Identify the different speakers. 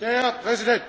Speaker 1: Herr Präsident!